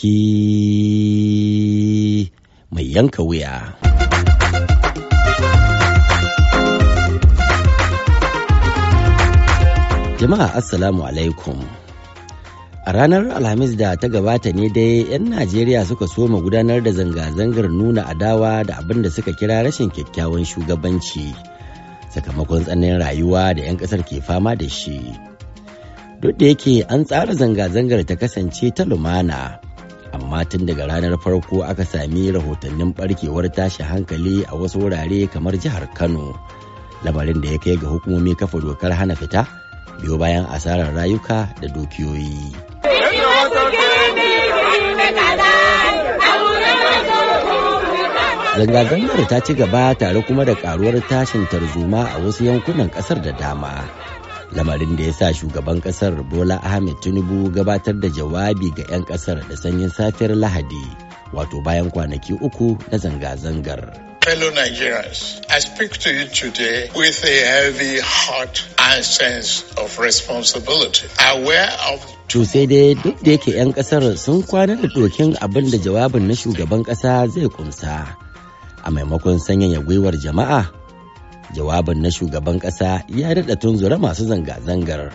baki mai yanka wuya. Jama'a Assalamu alaikum. A ranar Alhamis da ta gabata ne dai 'yan Najeriya suka soma gudanar da zanga-zangar nuna adawa da abin da suka kira rashin kyakkyawan shugabanci sakamakon tsananin rayuwa da 'yan ƙasar ke fama da shi. Duk da yake an tsara zanga-zangar ta kasance ta lumana amma tun daga ranar farko aka sami rahotannin barkewar tashi hankali a wasu wurare kamar jihar kano lamarin da ya kai ga hukumomi kafa dokar hana fita biyo bayan asarar rayuka da dukiyoyi zanga-zangar ta ci gaba tare kuma da karuwar tashin tarzoma a wasu yankunan kasar da dama lamarin da ya sa shugaban kasar bola ahmed tinubu gabatar da jawabi ga 'yan kasar da sanyin safiyar lahadi wato bayan kwanaki uku na zanga-zangar. fellow Nigerians, I to with a heavy heart and sense of responsibility, aware sai dai duk da yake 'yan kasar sun kwana da dokin abin da jawabin na shugaban kasa zai kumsa. A maimakon sanyaya gwiwar jama'a, jawabin na shugaban ƙasa ya daɗa tunzura masu zanga-zangar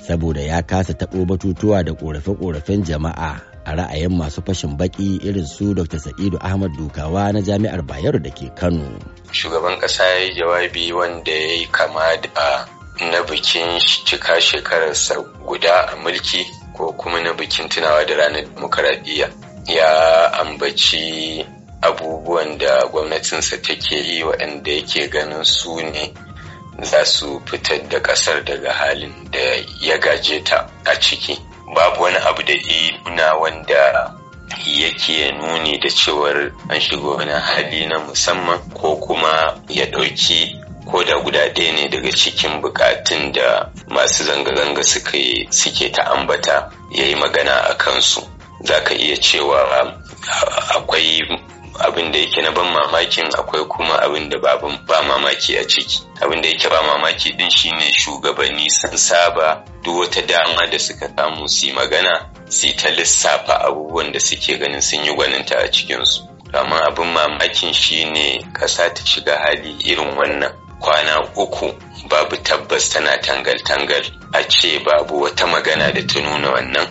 saboda ya kasa taɓo batutuwa da ƙorafe-ƙorafen jama'a a ra'ayin masu fashin baƙi irin su dr sa'idu ahmad dukawa na jami'ar bayero da ke kano shugaban ƙasa ya yi jawabi wanda ya yi kama da na bikin cika shekararsa guda a mulki ko kuma na bikin tunawa da ranar demokaradiyya ya ambaci abubuwan da gwamnatinsa take yi waɗanda yake ganin su ne za su fitar da ƙasar daga halin da ya gaje ta a ciki babu wani abu da nuna wanda yake nuni da cewar an shiga wani hali na musamman ko kuma ya ɗauki ko da guda ɗaya ne daga cikin bukatun da masu zanga-zanga suke ta ambata ya yi magana a kansu za ka iya cewa akwai abin da yake na ban mamakin akwai kuma abin da ba mamaki a ciki abin da yake ba mamaki din shine shugabanni sun saba duk wata dama da suka samu su magana su ta lissafa abubuwan da suke ganin sun yi gwaninta a cikinsu amma abin mamakin shine kasa ta shiga hali irin wannan kwana uku babu tabbas tana tangal-tangal a ce babu wata magana da ta nuna wannan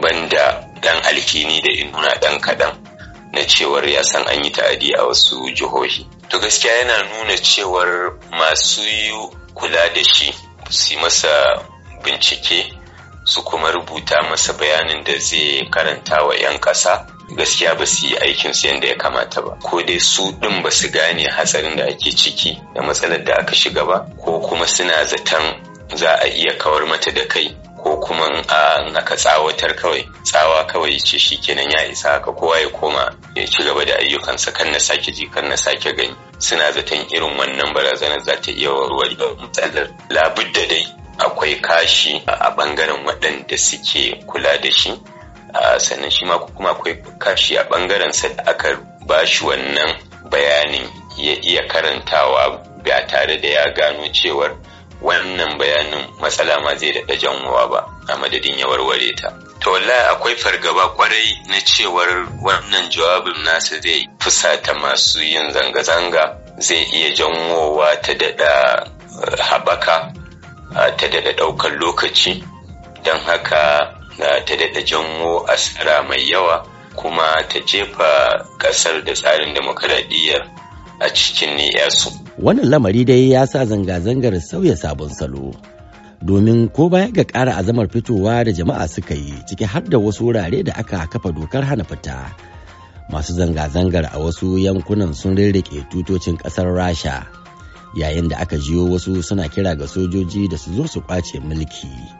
banda dan alkini da inuna dan kaɗan na cewar ya san an yi ta'adi a wasu jihohi to gaskiya yana nuna cewar masu yi kula da shi su masa bincike su kuma rubuta masa bayanin da zai karanta wa 'yan ƙasa gaskiya ba su yi aikin su yadda ya kamata ba ko dai su ɗin ba su gane hatsarin da ake ciki da matsalar da aka shiga ba ko kuma suna zaton za a iya kawar mata da kai kuma in ka tsawatar kawai tsawa kawai ce shi kenan ya isa haka kowa ya koma ya ci gaba da ayyukansa kan na sake ji kan na sake gani suna zaton irin wannan barazanar za ta iya warware matsalar labudda dai akwai kashi a bangaren waɗanda suke kula da shi sannan shi ma kuma akwai kashi a bangaren sa da aka ba shi wannan bayanin ya iya karantawa ba tare da ya gano cewar wannan bayanin matsala ma zai daɗa janwa ba a madadin ya warware ta to wallahi akwai fargaba kwarai na cewar wannan jawabin nasu zai fusata masu yin zanga-zanga zai iya janwowa ta daɗa eh, habaka ta daɗa ɗaukar lokaci don haka ta daɗa janwo asara mai yawa kuma ta jefa ƙasar da tsarin demokaradiyyar a cikin ni'yasu. Wannan lamari dai ya sa zanga-zangar sauya sabon salo. domin ko baya ga ƙara azamar fitowa da jama'a suka yi ciki har da wasu wurare da aka kafa dokar hana fita masu zanga-zangar a wasu yankunan sun rirrike tutocin ƙasar rasha yayin da aka jiyo wasu suna kira ga sojoji da su zo su kwace mulki.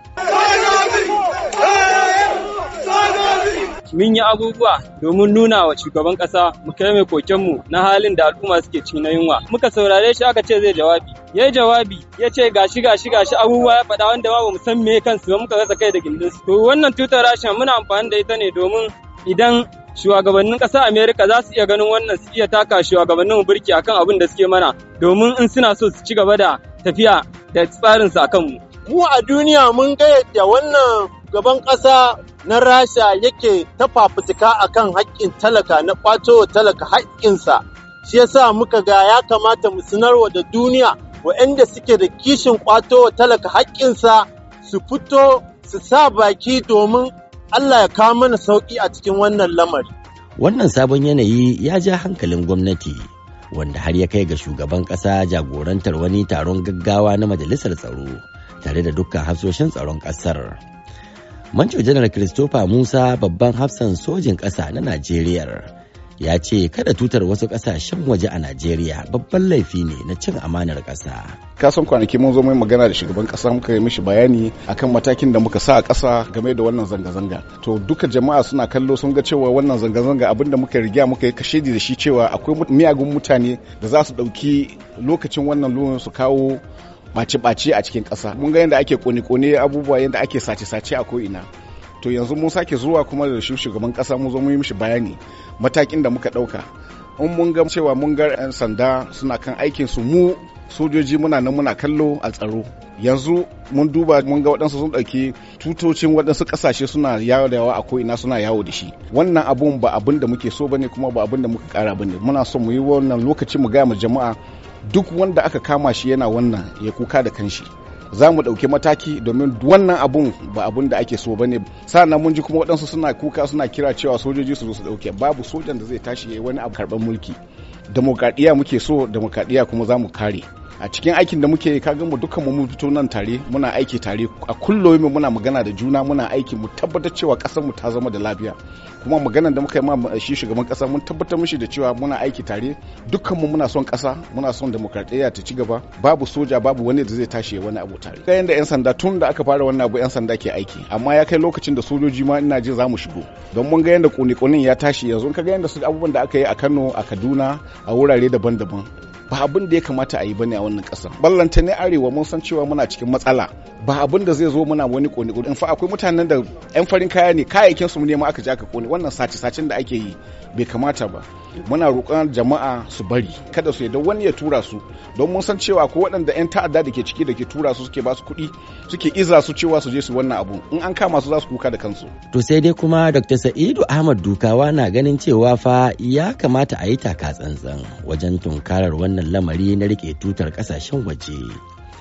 mun yi abubuwa domin nuna wa shugaban kasa mu kai mai kokenmu na halin da al'umma suke ciki na yunwa muka saurare shi aka ce zai jawabi Ya jawabi ya ce gashi gashi gashi abubuwa ya faɗa wanda ba mu san me kansu ba muka rasa kai da gindin su to wannan tutar rashin muna amfani da ita ne domin idan shugabannin ƙasar Amerika za su iya ganin wannan su iya taka shugabannin burki akan abin da suke mana domin in suna so su ci gaba da tafiya da tsarinsu akan mu. Mu a duniya mun ga yadda wannan shugaban ƙasa na rasha yake ta fafutuka kan haƙƙin talaka na ƙwato talaka haƙƙinsa shi yasa muka ga ya kamata mu sanarwa da duniya waɗanda suke da kishin ƙwato talaka haƙƙinsa su fito su sa baki domin allah ya kawo mana sauƙi a cikin wannan lamari wannan sabon yanayi ya ja hankalin gwamnati wanda har ya kai ga shugaban ƙasa jagorantar wani taron gaggawa na majalisar tsaro tare da dukkan hafsoshin tsaron ƙasar. manco janar christopher musa babban hafsan sojin ƙasa na najeriya ya ce kada tutar wasu ƙasashen waje a najeriya babban laifi ne na cin amanar ƙasa kasan kwanaki mun zo mai magana da shugaban ƙasa muka yi mishi bayani akan matakin da muka sa a kasa game da wannan zanga-zanga to duka jama'a suna kallo sun ga cewa wannan zanga-zanga abin da muka riga muka yi kashe da shi cewa akwai miyagun mutane da za su ɗauki lokacin wannan luwan su kawo ɓace-ɓace a cikin ƙasa mun ga yadda ake kone-kone abubuwa yadda ake sace-sace a ko'ina to yanzu mun sake zuwa kuma da shugaban ƙasa mun zo mun yi mishi bayani matakin da muka ɗauka in mun ga cewa mun ga 'yan sanda suna kan aikin su mu sojoji muna nan muna kallo a tsaro yanzu mun duba mun ga waɗansu sun ɗauki tutocin waɗansu ƙasashe suna yawo da yawa a ko'ina suna yawo da shi wannan abun ba abin da muke so bane kuma ba abin da muka ƙara bane muna so mu yi wannan lokaci mu gaya mu jama'a duk wanda aka kama shi yana wannan ya kuka da kanshi za mu ɗauki mataki domin wannan abun ba abun da ake so ba ne sa'annan mun ji kuma waɗansu suna kuka suna kira cewa sojoji su zo su ɗauke babu sojan da zai tashi ya yi wani abu karɓar mulki demokradiyya muke so demokradiyya kuma za mu kare a cikin aikin da muke kaga mu dukkan mu fito nan tare muna aiki tare a kullum muna magana da juna muna aiki mu tabbatar cewa kasar mu ta zama da lafiya kuma maganar da muka yi ma shi shugaban kasa mun tabbatar mishi da cewa muna aiki tare dukkan mu muna son kasa muna son demokradiyya ta ci gaba babu soja babu wani da zai tashi wani abu tare ga yanda yan sanda tun da aka fara wannan abu yan sanda ke aiki amma ya kai lokacin da sojoji ma ina jin za mu shigo don mun ga yanda kone ya tashi yanzu ka ga yanda su abubuwan da aka yi a Kano a Kaduna a wurare daban-daban ba abin da ya kamata a yi bane a wannan kasar ballanta ne arewa mun san cewa muna cikin matsala ba abin da zai zo muna wani kone kone in fa akwai mutanen da yan farin kaya ne kayayyakin su ne ma aka je aka wannan sace sacen da ake yi bai kamata ba muna roƙon jama'a su bari kada su yadda wani ya tura su don mun san cewa ko waɗanda yan ta'adda da ke ciki da ke tura su suke ba su kuɗi suke iza su cewa su je su wannan abu in an kama su za su kuka da kansu to sai dai kuma dr sa'idu ahmad dukawa na ganin cewa fa ya kamata a yi taka tsantsan wajen tunkarar wannan lamari na rike tutar kasashen waje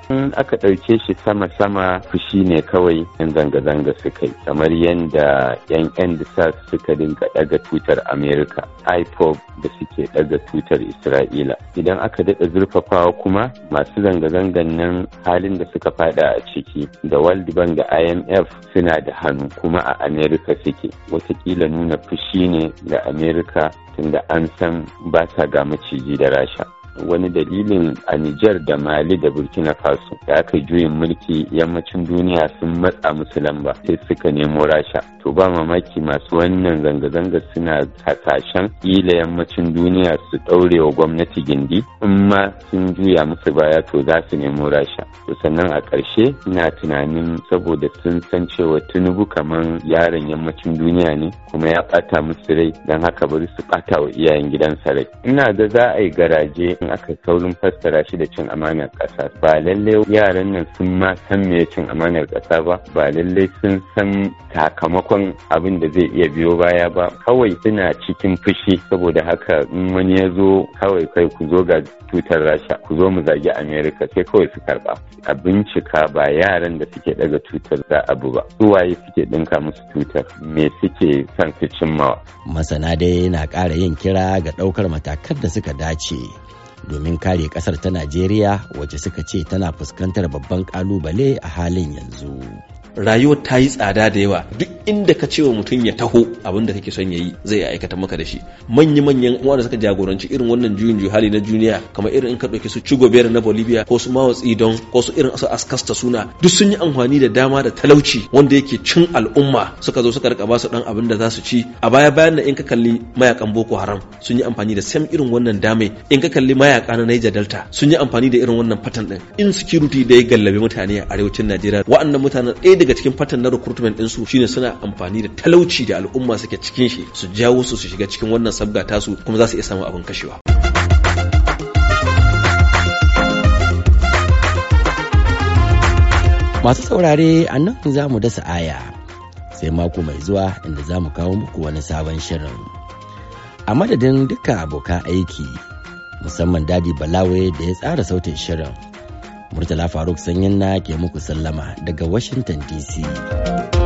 in aka ɗauke shi sama-sama fushi ne kawai yan zanga-zanga suka yi kamar yadda yan yan da suka dinga ɗaga tutar amerika ipob da suke ɗaga tutar isra'ila idan aka daɗa zurfafawa kuma masu zanga-zangan nan halin da suka fada a ciki da world bank da imf suna da hannu kuma a amerika suke watakila nuna fushi ne da amerika tunda an san ba sa ga maciji da rasha wani dalilin a Nijar da Mali da Burkina Faso da aka juyin mulki yammacin duniya sun matsa musu ba, sai suka nemo Rasha. To ba mamaki masu wannan zanga-zanga suna hasashen ila yammacin duniya su ɗaure wa gwamnati gindi in ma sun juya musu baya to za su nemo Rasha. To sannan a ƙarshe ina tunanin saboda sun san cewa Tinubu kamar yaron yammacin duniya ne kuma ya ɓata musu rai don haka bari su ɓata wa iyayen gidansa rai. Ina da za a yi garaje in aka saurin fassara shi da cin amanar ƙasa ba lallai yaran nan sun ma san me cin amanar ƙasa ba ba lallai sun san sakamakon abin da zai iya biyo baya ba kawai suna cikin fushi saboda haka in wani ya zo kawai kai ku zo ga tutar rasha ku zo mu zagi amerika sai kawai su karba a bincika ba yaran da suke daga tutar za abu ba su waye suke dinka musu tutar me suke son su cimmawa masana dai na ƙara yin kira ga ɗaukar matakan da suka dace domin kare kasar ta najeriya wacce suka ce tana fuskantar babban kalubale a halin yanzu. rayuwar ta yi tsada da yawa duk inda ka ce wa mutum ya taho abin da kake son ya yi zai aikata maka da shi manya manyan wanda suka jagoranci irin wannan juyin juyi hali na duniya kamar irin in ka ɗauki su Chugo bear na Bolivia ko su mawa tsidon ko su irin su Askasta suna duk sun yi amfani da dama da talauci wanda yake cin al'umma suka zo suka rika ba su dan abin da za su ci a baya bayan na in ka kalli mayakan Boko Haram sun yi amfani da sam irin wannan dame in ka kalli mayaka na Niger Delta sun yi amfani da irin wannan fatan din insecurity da ya gallabe mutane a arewacin Najeriya wa'annan mutanen ɗaya daga cikin fatan na recruitment ɗinsu shine suna amfani da talauci da al'umma suke cikin shi su jawo su su shiga cikin wannan sabga tasu kuma za su iya samun abin kashewa. Masu saurare a nan za mu dasa aya sai mako mai zuwa inda za mu kawo muku wani sabon shirin. A madadin duka abokan aiki musamman Dadi Balawe da ya tsara sautin shirin. Murtala Faruk Sanyin na ke muku sallama daga Washington DC.